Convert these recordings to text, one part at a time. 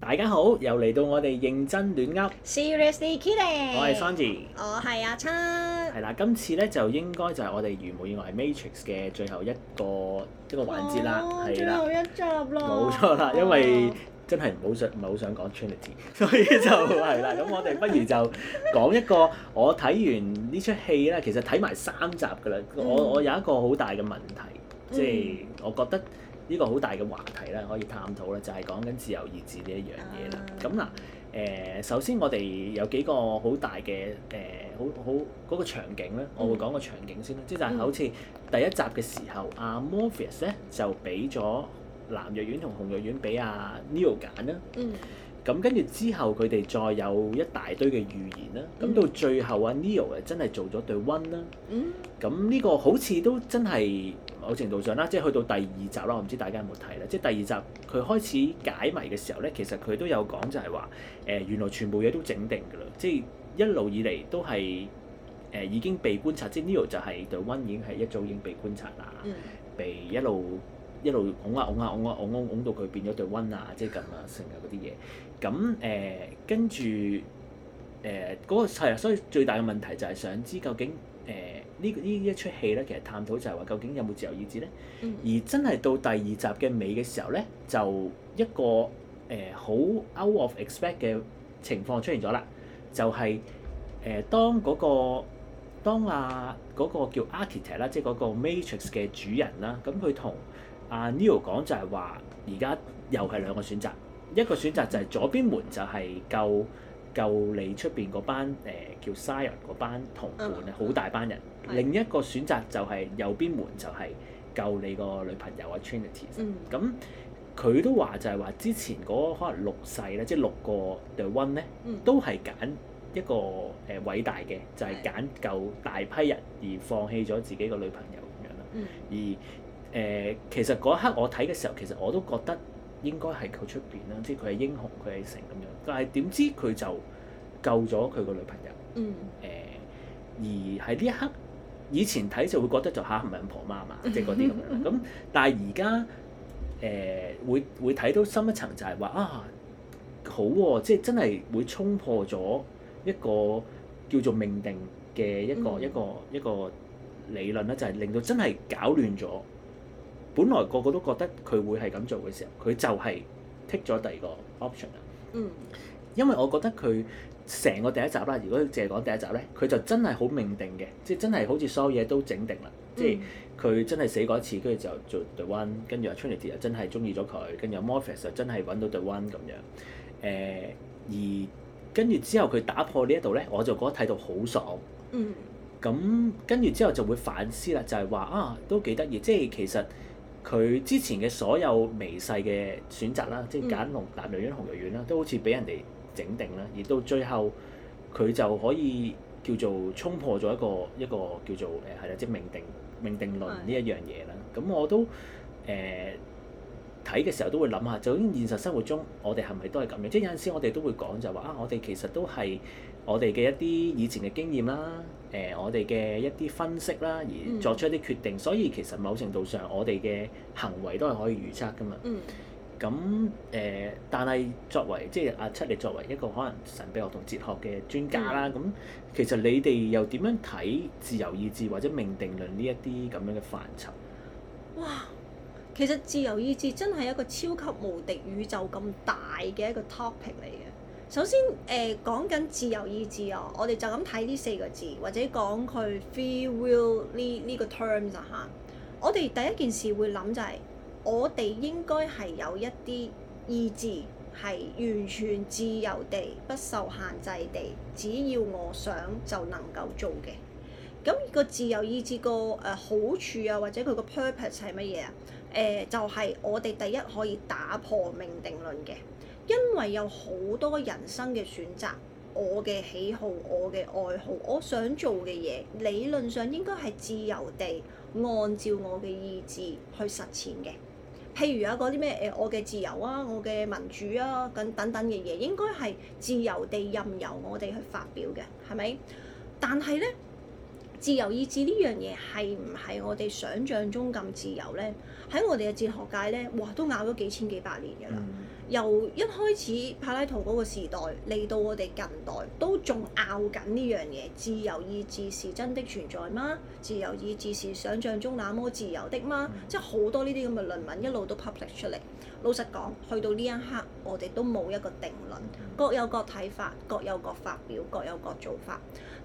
大家好，又嚟到我哋認真亂噏，Seriously kidding，我係 Sandy，我係阿春，係啦，今次咧就應該就係我哋如無意外係 Matrix 嘅最後一個一個環節啦，係啦、oh, 的，最後一集啦，冇錯啦，oh. 因為。真係唔好想唔係好想講 Trinity， 所以就係啦。咁我哋不如就講一個我睇完呢出戲咧，其實睇埋三集㗎啦。我我有一個好大嘅問題，即係我覺得呢個好大嘅話題啦，可以探討啦，就係、是、講緊自由意志呢一樣嘢啦。咁嗱、uh，誒、huh. 呃，首先我哋有幾個好大嘅誒、呃，好好嗰、那個場景咧，uh huh. 我會講個場景先啦。即係就係好似第一集嘅時候，阿、啊、Morpheus 咧就俾咗。藍藥丸同紅藥丸俾阿、啊、Neo 揀啦、啊，咁跟住之後佢哋再有一大堆嘅預言啦、啊，咁、嗯、到最後啊，Neo 誒真係做咗對 One 啦、啊，咁呢、嗯、個好似都真係某程度上啦，即係去到第二集啦，我唔知大家有冇睇啦，即係第二集佢開始解謎嘅時候咧，其實佢都有講就係話誒原來全部嘢都整定㗎啦，即係一路以嚟都係誒、呃、已經被觀察，即係 Neo 就係對 One 已經係一早已經被觀察啦，嗯、被一路。一路拱啊拱啊拱啊拱拱拱到佢變咗對瘟啊，即係咁啊成日嗰啲嘢。咁誒跟住誒嗰個係啊，所以最大嘅問題就係想知究竟誒、呃、呢呢一出戲咧，其實探討就係話究竟有冇自由意志咧？嗯、而真係到第二集嘅尾嘅時候咧，就一個誒好、呃、out of expect 嘅情況出現咗啦，就係、是、誒、呃、當嗰、那個當啊嗰、那個叫 architect 啦，即係嗰個 matrix 嘅主人啦，咁佢同阿 Neo 講就係話，而家又係兩個選擇，一個選擇就係左邊門就係救救你出邊嗰班誒、呃、叫 Zion 嗰班同伴啊，好大班人；另一個選擇就係右邊門就係救你個女朋友阿 Trinity。嗯，咁佢都話就係話之前嗰可能六世咧，即、就、係、是、六個 The One 咧，嗯、都係揀一個誒偉大嘅，就係、是、揀救大批人而放棄咗自己個女朋友咁、嗯、樣啦。而誒、呃，其實嗰一刻我睇嘅時候，其實我都覺得應該係佢出邊啦，即係佢係英雄，佢係成咁樣。但係點知佢就救咗佢個女朋友。嗯。誒、呃，而喺呢一刻，以前睇就會覺得就嚇唔係咁婆媽啊嘛，即係嗰啲咁樣。咁 但係而家誒會會睇到深一層就係話啊，好喎、啊，即係真係會衝破咗一個叫做命定嘅一個、嗯、一個一個，一個理論啦，就係、係、令到真係搞亂咗。本來個個都覺得佢會係咁做嘅時候，佢就係剔咗第二個 option 啊。嗯。因為我覺得佢成個第一集啦，如果佢凈係講第一集咧，佢就真係好命定嘅，即係真係好似所有嘢都整定啦。嗯、即係佢真係死過一次，跟住就做 The One，跟住阿 Trinity 又真係中意咗佢，跟住 Morpheus 又真係揾到 The One 咁樣。誒、呃，而跟住之後佢打破呢一度咧，我就覺得睇到好爽。嗯。咁跟住之後就會反思啦，就係、是、話啊，都幾得意，即係其實。佢之前嘅所有微細嘅選擇啦，即係揀紅藥丸、藍藥丸、紅藥丸啦，都好似俾人哋整定啦，而到最後佢就可以叫做衝破咗一個一個叫做誒係啦，即係命定命定論呢一的樣嘢啦。咁我都誒。睇嘅時候都會諗下，究竟現實生活中我哋係咪都係咁樣？即係有陣時我哋都會講就話啊，我哋其實都係我哋嘅一啲以前嘅經驗啦，誒、呃、我哋嘅一啲分析啦，而作出一啲決定，嗯、所以其實某程度上我哋嘅行為都係可以預測噶嘛。咁誒、嗯呃，但係作為即係阿七你作為一個可能神秘學同哲學嘅專家啦，咁、嗯、其實你哋又點樣睇自由意志或者命定論呢一啲咁樣嘅範疇？哇！其實自由意志真係一個超級無敵宇宙咁大嘅一個 topic 嚟嘅。首先誒講緊自由意志啊，我哋就咁睇呢四個字或者講佢 free will 呢呢個 terms 吓。我哋第一件事會諗就係、是、我哋應該係有一啲意志係完全自由地不受限制地，只要我想就能夠做嘅。咁個自由意志個誒、呃、好處啊，或者佢個 purpose 係乜嘢啊？誒、呃、就係、是、我哋第一可以打破命定論嘅，因為有好多人生嘅選擇，我嘅喜好、我嘅愛好、我想做嘅嘢，理論上應該係自由地按照我嘅意志去實踐嘅。譬如啊，嗰啲咩誒我嘅自由啊、我嘅民主啊，等等等嘅嘢，應該係自由地任由我哋去發表嘅，係咪？但係咧。自由意志呢樣嘢係唔係我哋想像中咁自由呢？喺我哋嘅哲學界呢，哇都拗咗幾千幾百年㗎喇。由一開始柏拉圖嗰個時代嚟到我哋近代，都仲拗緊呢樣嘢。自由意志是真的存在嗎？自由意志是想像中那麼自由的嗎？嗯、即係好多呢啲咁嘅論文一路都 public 出嚟。老實講，去到呢一刻，我哋都冇一個定論，各有各睇法，各有各發表，各有各做法。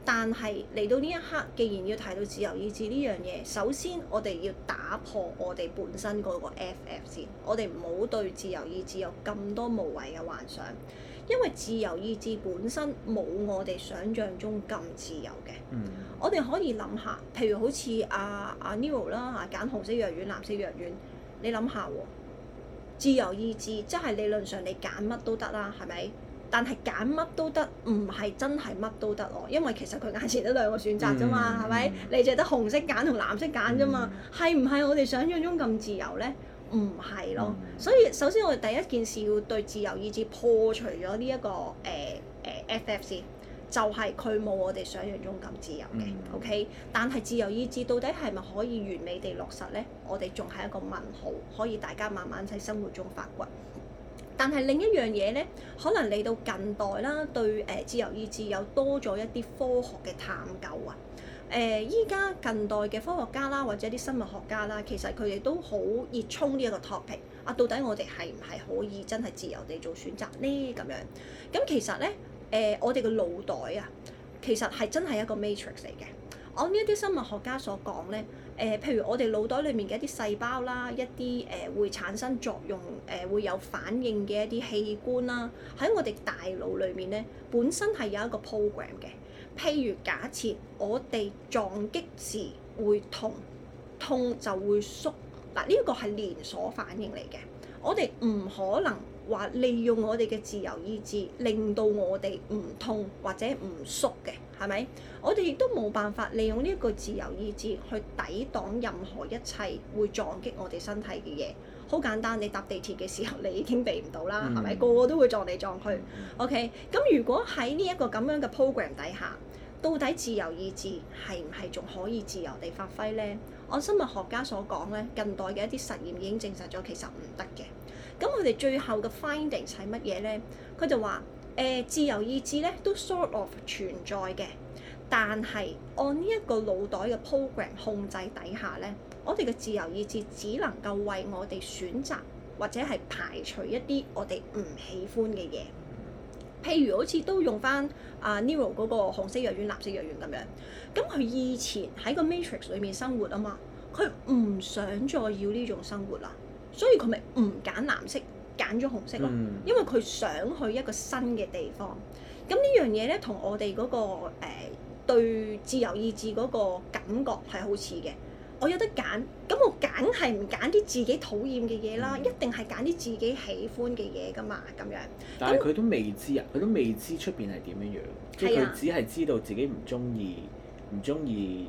但係嚟到呢一刻，既然要睇到自由意志呢樣嘢，首先我哋要打破我哋本身嗰個 FF 先，我哋唔好對自由意志有咁多無謂嘅幻想，因為自由意志本身冇我哋想象中咁自由嘅。嗯，我哋可以諗下，譬如好似阿阿 Neo 啦，嚇，揀紅色藥丸、藍色藥丸，你諗下喎？自由意志即係、就是、理論上你揀乜都得啦，啊，係咪？但係揀乜都得，唔係真係乜都得咯，因為其實佢眼前得兩個選擇啫嘛，係咪、mm hmm.？你只得紅色揀同藍色揀啫嘛，係唔係我哋想象中咁自由呢？唔係咯，mm hmm. 所以首先我哋第一件事要對自由意志破除咗呢一個、呃呃、FFC，就係佢冇我哋想象中咁自由嘅、mm hmm.，OK？但係自由意志到底係咪可以完美地落實呢？我哋仲係一個問號，可以大家慢慢喺生活中發掘。但係另一樣嘢咧，可能嚟到近代啦，對誒自由意志又多咗一啲科學嘅探究啊！誒依家近代嘅科學家啦，或者啲生物學家啦，其實佢哋都好熱衷呢一個 topic。啊，到底我哋係唔係可以真係自由地做選擇呢？咁樣咁其實咧，誒、呃、我哋嘅腦袋啊，其實係真係一個 matrix 嚟嘅。按呢一啲生物學家所講咧。誒、呃，譬如我哋腦袋裡面嘅一啲細胞啦，一啲誒、呃、會產生作用、誒、呃、會有反應嘅一啲器官啦，喺我哋大腦裡面咧，本身係有一個 program 嘅。譬如假設我哋撞擊時會痛，痛就會縮，嗱，呢個係連鎖反應嚟嘅。我哋唔可能話利用我哋嘅自由意志令到我哋唔痛或者唔縮嘅。係咪？我哋亦都冇辦法利用呢一個自由意志去抵擋任何一切會撞擊我哋身體嘅嘢。好簡單，你搭地鐵嘅時候，你已經避唔到啦，係咪？個個都會撞嚟撞去。OK，咁如果喺呢一個咁樣嘅 program 底下，到底自由意志係唔係仲可以自由地發揮呢？按生物學家所講咧，近代嘅一啲實驗已經證實咗其實唔得嘅。咁我哋最後嘅 finding 係乜嘢呢？佢就話，誒，自由意志咧都 sort of 存在嘅，但係按呢一個腦袋嘅 program 控制底下咧，我哋嘅自由意志只能夠為我哋選擇或者係排除一啲我哋唔喜歡嘅嘢。譬如好似都用返阿 Neo 嗰個紅色藥丸、藍色藥丸咁樣，咁佢以前喺個 Matrix 裏面生活啊嘛，佢唔想再要呢種生活啦，所以佢咪唔揀藍色，揀咗紅色咯，嗯、因為佢想去一個新嘅地方。咁呢樣嘢咧，同我哋嗰、嗰個誒、呃、對自由意志嗰個感覺係好似嘅。我有得揀，咁我揀係唔揀啲自己討厭嘅嘢啦，嗯、一定係揀啲自己喜歡嘅嘢㗎嘛，咁樣。但係佢都未知啊，佢都未知出邊係點樣樣，啊、即係佢只係知道自己唔中意，唔中意。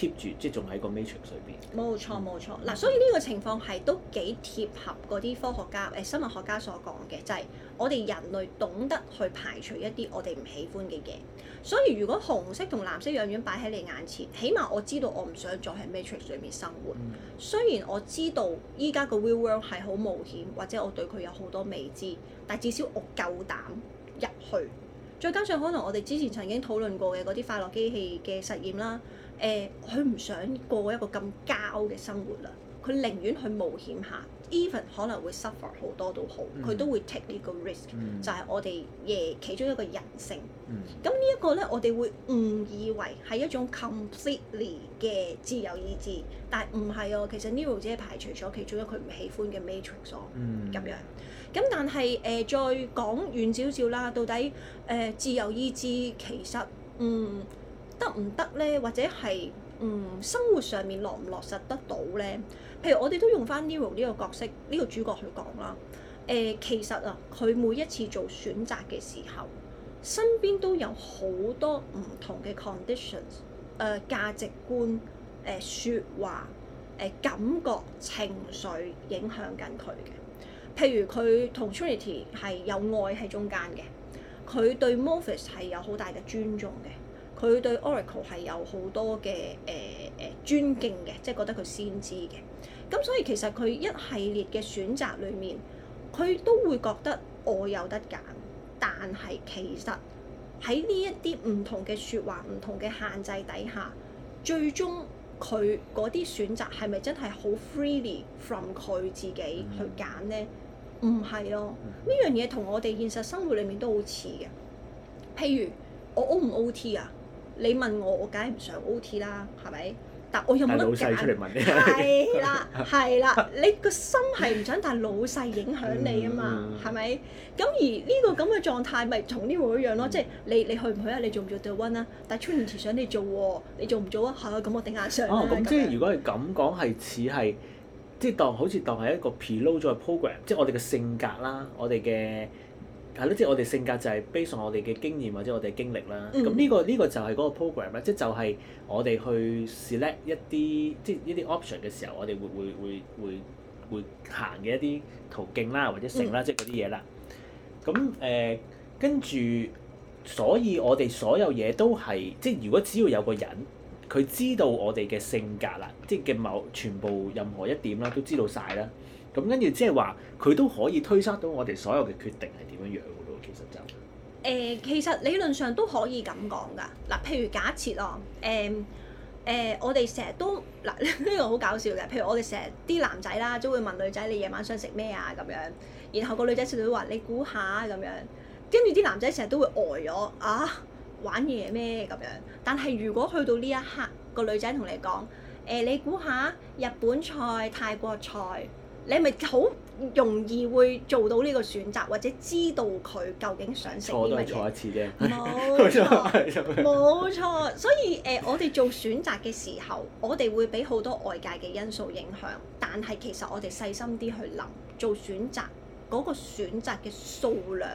k 住即仲喺個 matrix 裡面，冇錯冇錯嗱、啊，所以呢個情況係都幾貼合嗰啲科學家誒、欸、生物學家所講嘅，就係、是、我哋人類懂得去排除一啲我哋唔喜歡嘅嘢。所以如果紅色同藍色一樣樣擺喺你眼前，起碼我知道我唔想再喺 matrix 裡面生活。嗯、雖然我知道依家個 real world 係好冒險，或者我對佢有好多未知，但至少我夠膽入去。再加上可能我哋之前曾經討論過嘅嗰啲快樂機器嘅實驗啦。誒，佢唔、呃、想過一個咁膠嘅生活啦，佢寧願去冒險下，even 可能會 suffer 好多都好，佢都會 take 呢個 risk，嗯、就係我哋嘅其中一個人性。咁、嗯、呢一個咧，我哋會誤以為係一種 completely 嘅自由意志，但唔係哦，其實 Neo 只係排除咗其中一個佢唔喜歡嘅 matrix 咁、哦嗯、樣。咁但係誒、呃，再講遠少少啦，到底誒、呃、自由意志其實嗯？得唔得咧？或者係嗯生活上面落唔落實得到咧？譬如我哋都用翻 Neo 呢個角色呢、這個主角去講啦。誒、呃、其實啊，佢每一次做選擇嘅時候，身邊都有好多唔同嘅 conditions、呃、誒價值觀誒、呃、說話誒、呃、感覺情緒影響緊佢嘅。譬如佢同 Trinity 係有愛喺中間嘅，佢對 Morpheus 係有好大嘅尊重嘅。佢對 Oracle 係有好多嘅誒誒尊敬嘅，即係覺得佢先知嘅。咁所以其實佢一系列嘅選擇裏面，佢都會覺得我有得揀。但係其實喺呢一啲唔同嘅説話、唔同嘅限制底下，最終佢嗰啲選擇係咪真係好 freely from 佢自己去揀呢？唔係、嗯、咯，呢樣嘢同我哋現實生活裏面都好似嘅。譬如我 O 唔 OT 啊？你問我，我梗係唔想 OT 啦，係咪？但我有冇老細出嚟問你？係 啦，係啦，你個心係唔想，但係老細影響你啊嘛，係咪、 嗯？咁而呢個咁嘅狀態，咪同呢個一樣咯，即係你你去唔去啊？你做唔做 the one 啊？但 training 時想你做、啊，你做唔做啊？係啊，咁我頂下上哦，咁即係如果係咁講，係似係即係當好似當係一個 preload 咗嘅 program，即係我哋嘅性格啦，我哋嘅。係咯，即係我哋性格就係 base on 我哋嘅經驗或者我哋經歷啦。咁呢、mm hmm. 呢個呢、呢個就係嗰個 program 啦、就係，即係就係我哋去 select 一啲即係一啲 option 嘅時候，我哋會會會會會行嘅一啲途徑啦，或者性啦，mm hmm. 即係嗰啲嘢啦。咁誒，跟、呃、住所以我哋所有嘢都係，即係如果只要有個人，佢知道我哋嘅性格啦，即係嘅某全部任何一點啦，都知道晒啦。咁跟住，即係話佢都可以推測到我哋所有嘅決定係點樣樣嘅咯。其實就誒、呃，其實理論上都可以咁講噶嗱。譬如假設哦，誒、呃、誒、呃，我哋成日都嗱呢、呃這個好搞笑嘅。譬如我哋成日啲男仔啦，都會問女仔你夜晚想食咩啊，咁樣，然後個女仔成日都話你估下咁樣，跟住啲男仔成日都會呆咗啊，玩嘢咩咁樣。但係如果去到呢一刻，個女仔同你講誒、呃，你估下日本菜、泰國菜。你係咪好容易會做到呢個選擇，或者知道佢究竟想食啲乜嘢？坐都坐一次啫，冇錯，冇 錯。所以誒、呃，我哋做選擇嘅時候，我哋會俾好多外界嘅因素影響，但係其實我哋細心啲去諗做選擇嗰、嗰個選擇嘅數量。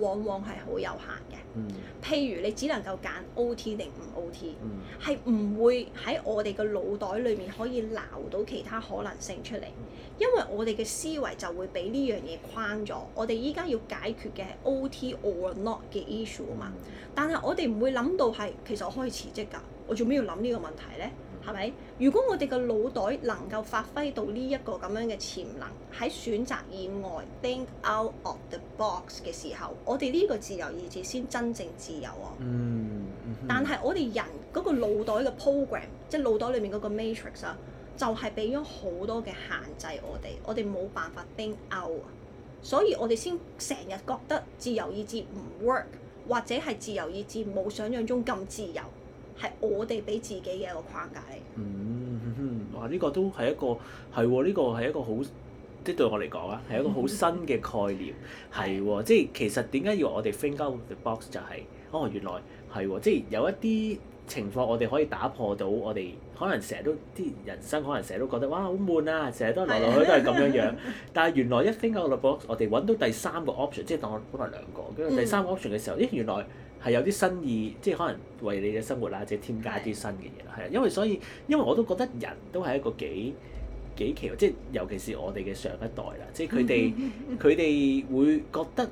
往往係好有限嘅，譬如你只能夠揀 OT 定唔 OT，係唔會喺我哋嘅腦袋裏面可以撈到其他可能性出嚟，因為我哋嘅思維就會俾呢樣嘢框咗。我哋依家要解決嘅係 OT or not 嘅 issue 啊嘛，但係我哋唔會諗到係其實我可以辭職㗎，我做咩要諗呢個問題呢？係咪？如果我哋嘅腦袋能夠發揮到呢一個咁樣嘅潛能，喺選擇以外 think out of the box 嘅時候，我哋呢個自由意志先真正自由啊！嗯。 但係我哋人嗰個腦袋嘅 program，即係腦袋裡面嗰個 matrix 啊，就係俾咗好多嘅限制我哋，我哋冇辦法 think out，啊，所以我哋先成日覺得自由意志唔 work，或者係自由意志冇想像中咁自由。係我哋俾自己嘅一個框架嚟、嗯嗯。嗯，哇！呢、這個都係一個係喎，呢、哦這個係一個好，即係對我嚟講啊，係一個好新嘅概念。係喎、 哦，即係其實點解要我哋 think out of the box 就係、是，哦，原來係喎、哦，即係有一啲情況我哋可以打破到我哋，可能成日都啲人生，可能成日都覺得哇好悶啊，成日都來來去去都係咁樣樣。 但係原來一 think out of the box，我哋揾到第三個 option，即係當我本來兩個，跟住第三個 option 嘅時候，咦原來～係有啲新意，即係可能為你嘅生活啦，即係添加啲新嘅嘢啦。係啊，因為所以，因為我都覺得人都係一個幾幾奇，即係尤其是我哋嘅上一代啦。即係佢哋佢哋會覺得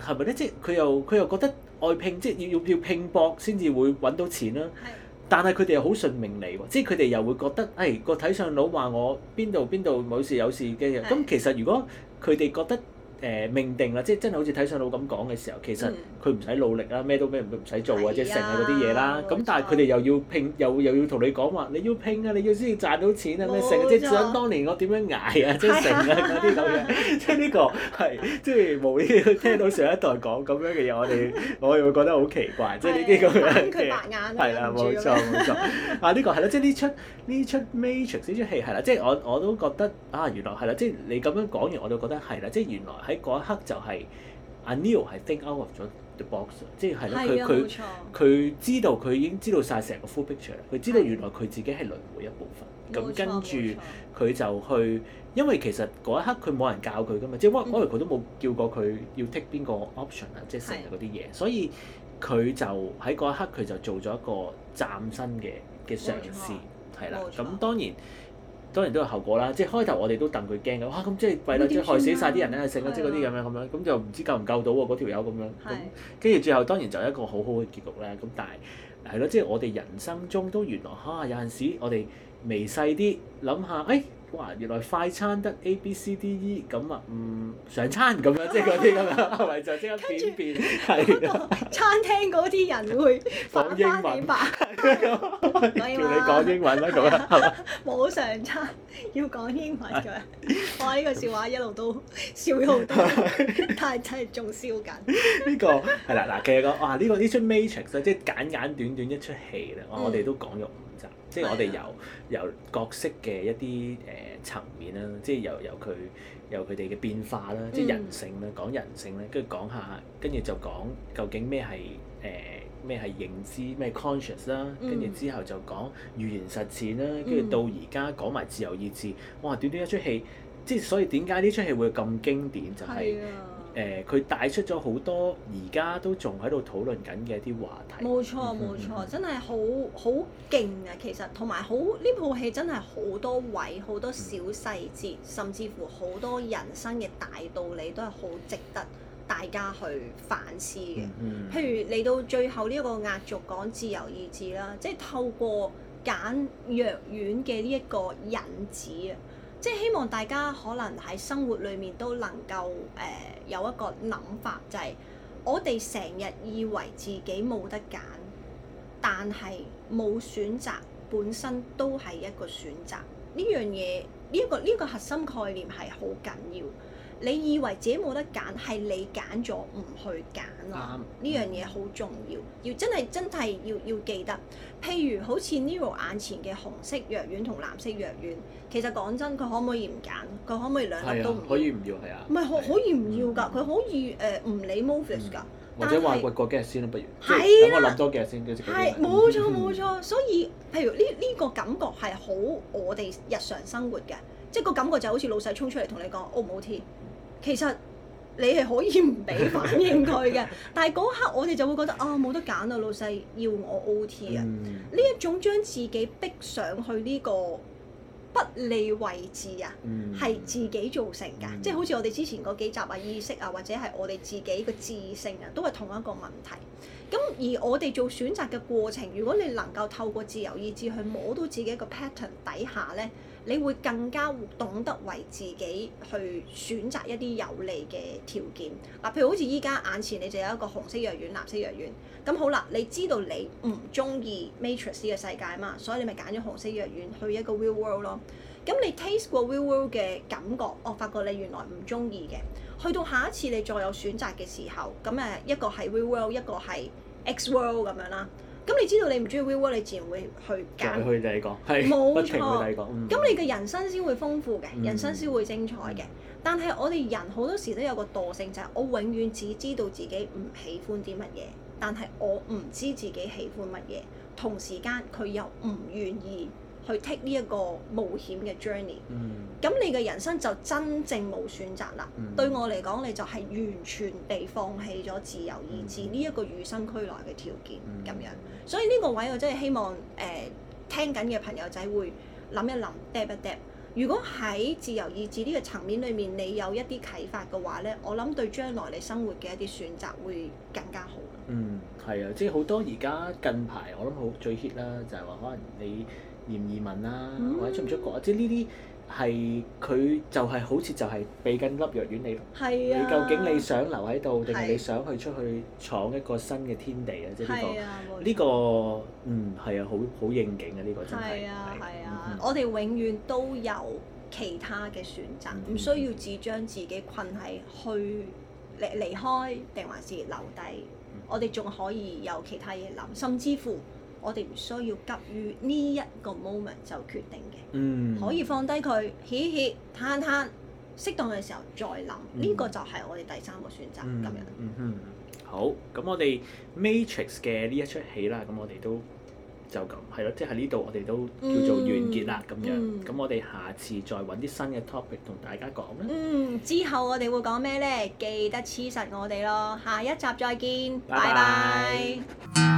係咪咧？即係佢又佢又覺得愛拼即係要要拼搏先至會揾到錢啦。係，但係佢哋又好順命嚟喎。即係佢哋又會覺得，誒個睇相佬話我邊度邊度，冇事有事嘅。咁其實如果佢哋覺得誒命定啦，即係真係好似睇上佬咁講嘅時候，其實佢唔使努力啦，咩都咩唔使做啊，即係成啊嗰啲嘢啦。咁但係佢哋又要拼，又又要同你講話，你要拼啊，你要先賺到錢啊，咩成啊，即係想當年我點樣捱啊，即係成啊嗰啲咁樣。即係呢個係，即係無聊。聽到上一代講咁樣嘅嘢，我哋我又會覺得好奇怪，即係呢啲咁樣眼，係啦，冇錯冇錯。啊呢個係咯，即係呢出呢出 Matrix 呢出戲係啦，即係我我都覺得啊原來係啦，即係你咁樣講完，我就覺得係啦，即係原來。喺嗰一刻就係、是、Neo 係 think out of 咗 the box，即係係咯，佢佢佢知道佢已經知道晒成個 full picture，佢知道原來佢自己係輪迴一部分。咁錯跟住佢錯就去，因為其實嗰一刻佢冇人教佢㗎嘛，即係我我哋佢都冇叫過佢要 take 邊個 option 啊，即係成日嗰啲嘢。所以佢就喺嗰一刻佢就做咗一個嶄新嘅嘅嘗試，係錯啦。咁錯當然。當然都有後果啦，即係開頭我哋都戥佢驚嘅，哇、啊！咁即係為啦，即，即害死晒啲人咧，成個即嗰啲咁樣咁樣，咁就唔知救唔救到喎嗰條友咁樣咁，跟住最後當然就係一個好好嘅結局啦。咁、嗯、但係係咯，即係我哋人生中都原來嚇、啊、有陣時我哋微細啲諗下，誒、哎。哇！原來快餐得 A B C D E 咁啊，唔，常餐咁樣，即係嗰啲㗎啦，係咪就即刻變變係咯？餐廳嗰啲人會講英文。叫你講英文啦，講啦，係冇常餐要講英文㗎。哇！呢個笑話一路都笑咗好多，但係真係仲笑緊。呢個係啦，嗱，其實個哇，呢個呢出 Matrix 即係簡簡短短一出戲啦，我哋都講咗五集，即係我哋由由角色嘅一啲誒。誒層面啦，即係由由佢由佢哋嘅變化啦，即係人性啦，講人性啦，跟住講下，跟住就講究竟咩係誒咩係認知咩 conscious 啦，跟住之後就講語言實踐啦，跟住到而家講埋自由意志，哇！短短一出戲，即係所以點解呢出戲會咁經典就係、是。佢、呃、帶出咗好多而家都仲喺度討論緊嘅一啲話題。冇錯、啊，冇錯，真係好好勁啊！其實同埋好呢部戲真係好多位好多小細節，甚至乎好多人生嘅大道理都係好值得大家去反思嘅。嗯嗯、譬如嚟到最後呢一個壓軸講自由意志啦，即係透過揀藥丸嘅呢一個引子啊！即係希望大家可能喺生活裏面都能夠誒、呃、有一個諗法，就係、是、我哋成日以為自己冇得揀，但係冇選擇本身都係一個選擇。呢樣嘢呢個呢、這個這個核心概念係好緊要。你以為自己冇得揀，係你揀咗唔去揀啊！呢樣嘢好重要，要真係真係要要記得。譬如好似 Neo 眼前嘅紅色藥丸同藍色藥丸，其實講真，佢可唔可以唔揀？佢可唔可以兩粒都唔、啊？可以唔要係啊？唔係可可以唔要㗎？佢、啊、可以誒唔、呃、理 movie 㗎？嗯、是或者話過幾日先啦，不如等、啊、我諗多幾日先。係冇、啊、錯冇錯，所以譬如呢呢、這個感覺係好我哋日常生活嘅，即係個感覺就好似老細衝出嚟同你講，O 唔 O T？其實你係可以唔俾反應佢嘅， 但係嗰刻我哋就會覺得啊冇、 哦、得揀啊，老細要我 OT 啊！呢一、嗯、種將自己逼上去呢個不利位置啊，係、嗯、自己造成㗎，嗯、即係好似我哋之前嗰幾集啊意識啊，或者係我哋自己個自性啊，都係同一個問題。咁而我哋做選擇嘅過程，如果你能夠透過自由意志去摸到自己一個 pattern 底下咧。你會更加懂得為自己去選擇一啲有利嘅條件。嗱，譬如好似依家眼前，你就有一個紅色藥丸、藍色藥丸。咁好啦，你知道你唔中意 Matrix 嘅世界嘛？所以你咪揀咗紅色藥丸去一個 real world 咯。咁你 taste 過 real world 嘅感覺，我發覺你原來唔中意嘅。去到下一次你再有選擇嘅時候，咁誒一個係 real world，一個係 x world 咁樣啦。咁你知道你唔中意 real world，你自然會去揀去，去第二個，冇錯。咁、嗯、你嘅人生先會豐富嘅，嗯、人生先會精彩嘅。嗯、但係我哋人好多時都有個惰性，就係、是、我永遠只知道自己唔喜歡啲乜嘢，但係我唔知自己喜歡乜嘢，同時間佢又唔願意。去 take 呢一個冒險嘅 journey，咁、嗯、你嘅人生就真正冇選擇啦。嗯、對我嚟講，你就係完全地放棄咗自由意志呢一、嗯、個與生俱來嘅條件咁、嗯、樣。所以呢個位我真係希望誒、呃、聽緊嘅朋友仔會諗一諗，deb 一，想想一，想想一想。如果喺自由意志呢個層面裡面，你有一啲啟發嘅話咧，我諗對將來你生活嘅一啲選擇會更加好。嗯，係啊，即係好多而家近排我諗好最 hit 啦，就係話可能你。嫌疑民啦、啊，嗯、或者出唔出國啊，即係呢啲係佢就係、係、好似就係俾緊粒藥丸你，啊、你究竟你想留喺度定係你想去出去闖一個新嘅天地啊？即係、呢、呢個呢、啊呢個嗯係啊，好好應景啊！呢、呢個真係係啊！啊啊嗯、我哋永遠都有其他嘅選擇，唔、嗯、需要只將自己困喺去離離開定還是留低，嗯、我哋仲可以有其他嘢諗，甚至乎。我哋唔需要急於呢一個 moment 就決定嘅，嗯、可以放低佢，歇一歇，攤一攤，適當嘅時候再諗，呢、嗯、個就係我哋第三個選擇咁、嗯、樣。嗯嗯，好，咁我哋 Matrix 嘅呢一出戲啦，咁我哋都就咁係咯，即係呢度我哋都叫做完結啦咁、嗯、樣。咁我哋下次再揾啲新嘅 topic 同大家講咧。嗯，之後我哋會講咩呢？記得黐實我哋咯，下一集再見，拜拜。